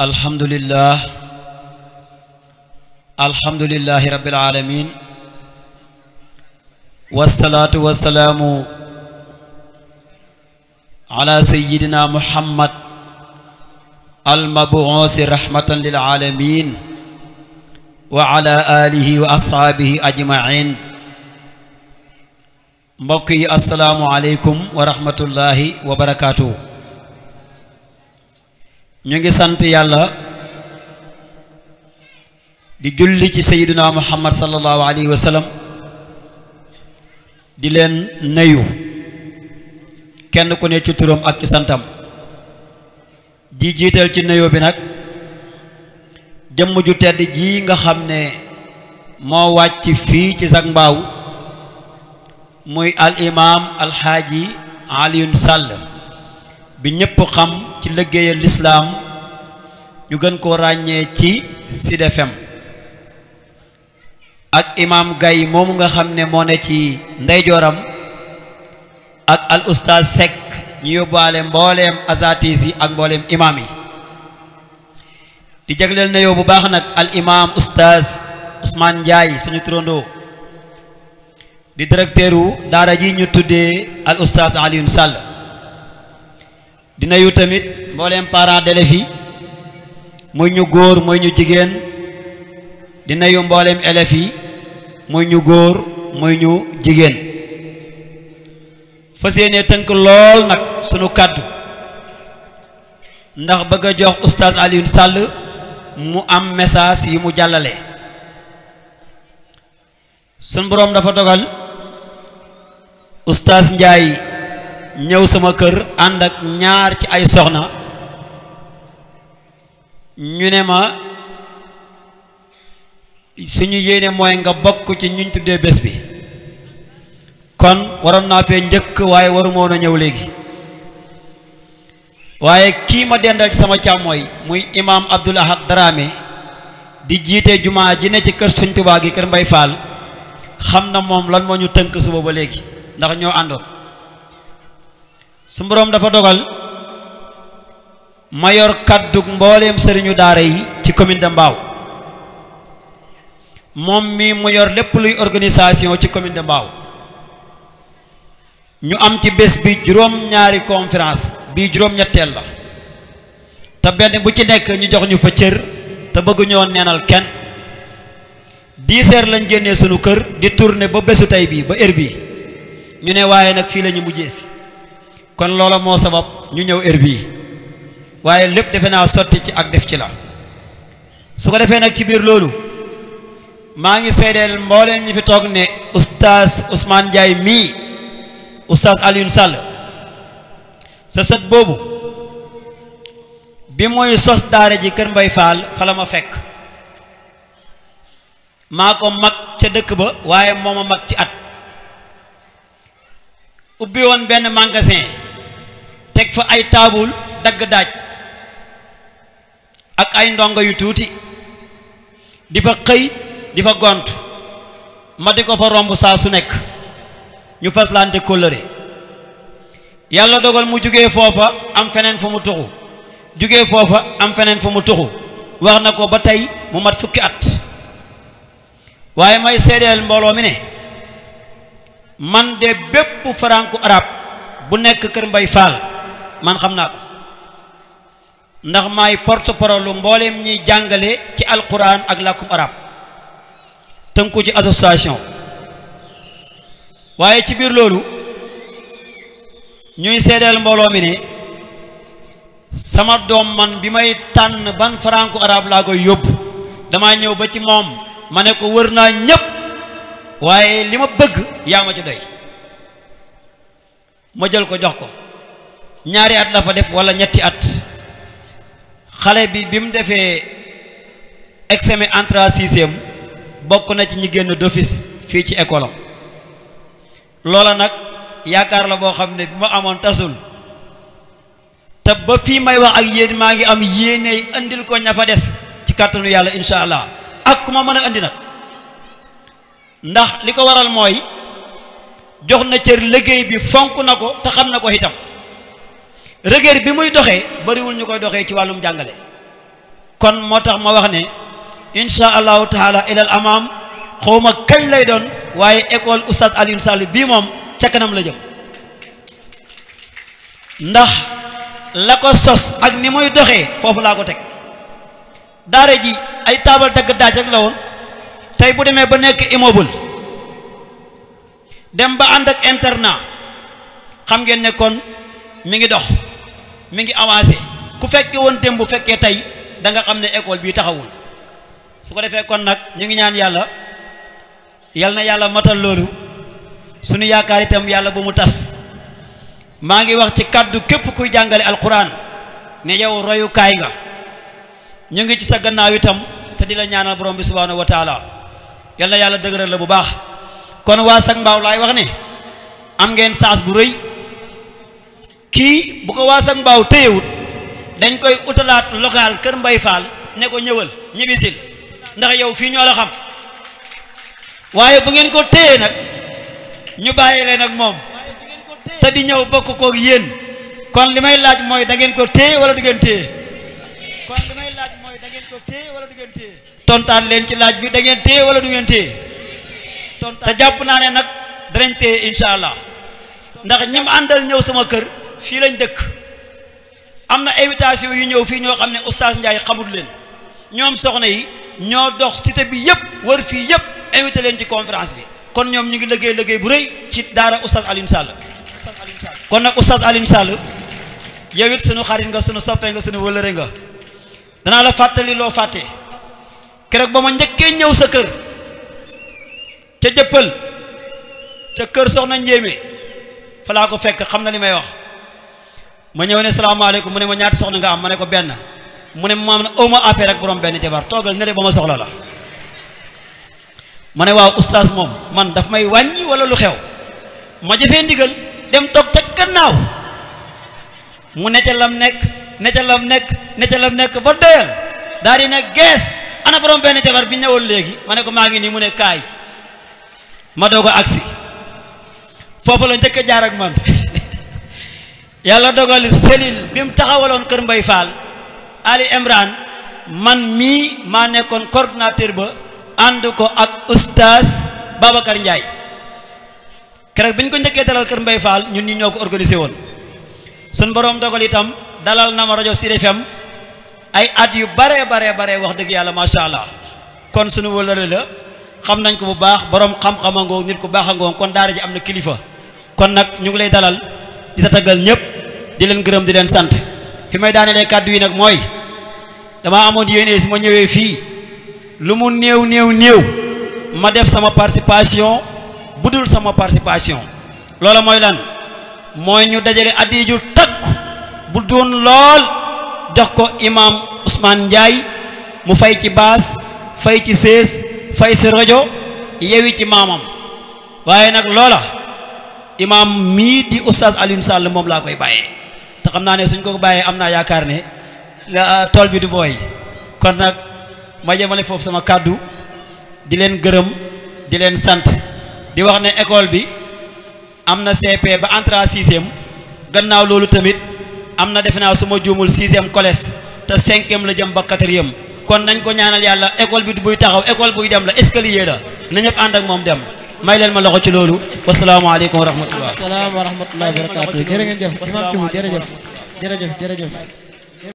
alhamdulillah alhamdulillahi rabbil alamin wassalaatu wassalaamu ala sayyidina muhammad almabuusi rahmatan lil alamin wa ala alihi wa ashaabihi ajmain mbokk yi asalaamu aleykum wa rahmatullahi wa barakaatuhu ñu ngi sant yàlla di julli ci sayyidina muhammad sallallahu alayhi wa di leen nayu kenn ku ne ci turam ak santam di jiital ci nuyu bi nag jëmm ju tedd ji nga xam ne moo wàcc fii ci sag mbaaw muy al imaam alxaaji aliyun sàll bi ñépp xam ci liggéeyal lislaam ñu gën koo ràññee ci Sud FM ak imaam gay moomu nga xam ne moo ne ci ndeyjooram ak al oustaz Seck ñu yóbbaale mbooleem azatis yi ak mbooleem imaam yi di jagleel na yow bu baax nag al imaam oustaz Ousmane Ndiaye suñu turandoo di directeur daara ji ñu tuddee al oustaz Alioune Sall dina yu tamit mbooleem parents d'élèves yi muy ñu góor muy ñu jigéen dina nuyu mbooleem élèves yi muy ñu góor muy ñu jigéen fas yéene tënk lool nag sunu kàddu ndax bëgg a jox oustaz Alioune Sall mu am message yi mu jàllale sun boroom dafa dogal oustaz Ndiaye ñëw sama kër ànd ak ñaar ci ay soxna ñu ne ma suñu yéene mooy nga bokk ci ñuñ tuddee bés bi kon waroon naa fee njëkk waaye waru moon a ñëw léegi waaye kii ma dendal ci sama càmmooy muy imaam Abdul Ahad Daraame di jiite jumaa ji ne ci kër Sëñ gi kër Mbay Faal xam na moom lan moo ñu tënk suba ba léegi ndax ñoo àndoon su boroom dafa dogal ma yor kàddug mbooleem sëriñu daara yi ci commune de Mbao moom mi mu yor lépp luy organisation ci commune de Mbao ñu am ci bés bi juróom-ñaari conférence bii juróom-ñetteel la te benn bu ci nekk ñu jox ñu fa cër te bëgg ñoo neenal kenn dix heures lañ génnee sunu kër di tourner ba bésu tey bii ba heure bi ñu ne waaye nag fii lañu ñu mujjee si kon loola moo sabab ñu ñëw heure bii waaye lépp defe naa sotti ci ak def ci la su ko defee nag ci biir loolu maa ngi seedeel mbooleem ñi fi toog ne oustaz Ousmane Ndiaye mii oustaz Alioune Sall sa sët boobu bi muy sos daara ji Kër Mbay Faal fa la ma fekk maa ko mag ca dëkk ba waaye moo ma mag ci at ubbi woon benn magasin teg fa ay taabul dagg daaj ak ay ndongo yu tuuti di fa xëy di fa gont ma di ko fa romb saa su nekk ñu fas faslante kóllëre yàlla dogal mu jóge foofa am feneen fu mu tuxu jugee foofa am feneen fu mu tuxu wax na ko ba tey mu mat fukki at waaye may seedeel mbooloo mi ne man de bépp faranku arab bu nekk kër mbay faal man xam naa ko ndax maay porte parole mbooleem ñiy jàngale ci alquran ak làkkum arab tënku ci association waaye ci biir loolu ñuy seedeel mbooloo mi ne sama doom man bi may tànn ban franco arab laa koy yóbbu damaa ñëw ba ci moom ma ne ko wër naa ñépp waaye li ma bëgg yaa ma ci doy ma jël ko jox ko ñaari at la fa def wala ñetti at xale bi bi mu defee examen entrée bokk na ci ñi génn dofis fii ci école am loola nag yaakaar la boo xam ne bi ma amoon tasul te ba fii may wax ak yéen maa ngi am yéene andil ko ña fa des ci kàttanu yàlla incha allah ak ku ma mën a andi nag ndax li ko waral mooy jox na cër liggéey bi fonk na ko te xam na ko itam rëgër bi muy doxee bariwul ñu koy doxee ci wàllum jàngale kon moo tax ma wax ne insha allahu taala ilal amam xawma kañ lay doon waaye école oustaz Alioune Sall bii moom ca kanam la jëm ndax la ko sos ak ni muy doxee foofu laa ko teg daara ji ay taabal dagg daaj rek la woon tey bu demee ba nekk immeuble dem ba ànd ak internat xam ngeen ne mi ngi dox mi ngi avancé ku fekke woon démb bu fekkee tey da nga xam ne école bii taxawul su ko defee kon nag ñu ngi ñaan yàlla yal na yàlla matal loolu suñu yaakaar itam yàlla bu mu tas maa ngi wax ci kàddu képp kuy jàngale alquran ne yow royukaay nga ñu ngi ci sa gannaaw itam te di la ñaanal borom bi subhaanahu wa taala yal na yàlla dëgëral la bu baax kon waa sag mbaaw laay wax ne am ngeen saas bu rëy kii bu ko waa sag mbaaw téyewut dañ koy utalaat local kër mbay faal ne ko ñëwal ñibbisil ndax yow fii ñoo la xam waaye bu ngeen ko téyee nag ñu bàyyi leen ak moom te di ñëw bokk kook yéen kon li may laaj mooy da ngeen ko téye wala du ngeen téye kon li may laaj mooy dangeen ko téye wala du ngeen téye tontaan leen ci laaj bi da ngeen téye wala du ngeen téye te jàpp naa ne nag danañ téye incha allah ndax ñim àndal ñëw sama kër fii lañ dëkk am na invitation yu ñëw fii ñoo xam ne oustaz Ndiaye xamut leen ñoom soxna yi ñoo dox cité bi yëpp wër fii yëpp invité leen ci conférence bi kon ñoom ñu ngi liggéey liggéey bu rëy ci daara oustaz Alioune Sall kon nag oustaz Alioune Sall yow sunu xarit nga sunu soppee nga sunu wëlëre nga danaa la fàttali loo fàtte keroog ba ma njëkkee ñëw sa kër ca jëppal ca kër soxna njéeme fa laa ko fekk xam na li may wax ma ñëw ne salaamaaleykum mu ne ma ñaati soxna nga am ma ne ko benn mu ne maam na oma affaire ak borom benn jabar toogal ne de ba ma soxla la ma ne waaw oustaz moom man dafa may wàññi wala lu xew ma jëfee ndigal dem toog ca kannaaw mu ne ca lam nekk ne la lam nekk ne ca nekk ba doyal daal di ne gees ana borom benn jabar bi ñëwal léegi ma ne ko maa ngi nii mu ne kaay ma doog a agsi foofu la njëkk a jaar ak man yàlla dogal selil bi mu taxawaloon Kër Mbay Fall Ali Imran man mii maa nekkoon coordinateur ba ànd ko ak oustaz Babacar Ndiaye keroog bi ñu ko njëkkee dalal Kër Mbay faal ñun ñi ñoo ko organisé woon sun boroom dogal itam dalal na ma rajo Sud FM ay at yu bare bare bare wax dëgg yàlla macha allah kon sunu wëlëre la xam nañ ko bu baax boroom xam-xama ngoog nit ku baax a ngoog kon daara ji am na kilifa kon nag ñu ngi lay dalal di sa taggal ñëpp di leen gërëm di leen sant fi may daanelee kàddu yi nag mooy dama amoon yéene su ma ñëwee fii lu mu néew néew néew ma def sama participation bu dul sama participation loola mooy lan mooy ñu dajale addi ju takk bu doon lool jox ko imaam Ousmane njaay mu fay ci baas fay ci sées fay si rajo yewi ci maamam waaye nag loola imaam mii di oustaz Alioune Sall moom laa koy bàyyee te xam naa ne suñ ko ko bàyyee am naa yaakaar ne euh, tool bi du booy kon nag ma jëmale foofu sama kàddu di leen gërëm di leen sant di wax ne école bi am na CP ba entrée en sixième gannaaw loolu tamit am na defe naa su ma juumul sixième collège te cinquième la jëm ba quatrième kon nañ ko ñaanal yàlla école bi du buy taxaw école buy dem la escalier la na ñëpp ànd ak moom dem. may leen ma loxo ci loolu wasalaamaaleykum wa rahmatullah. wa rahmatulah wa rahmatulah wa barakaatu jërë ngeen jëf. jërëjëf jërëjëf jërëjëf.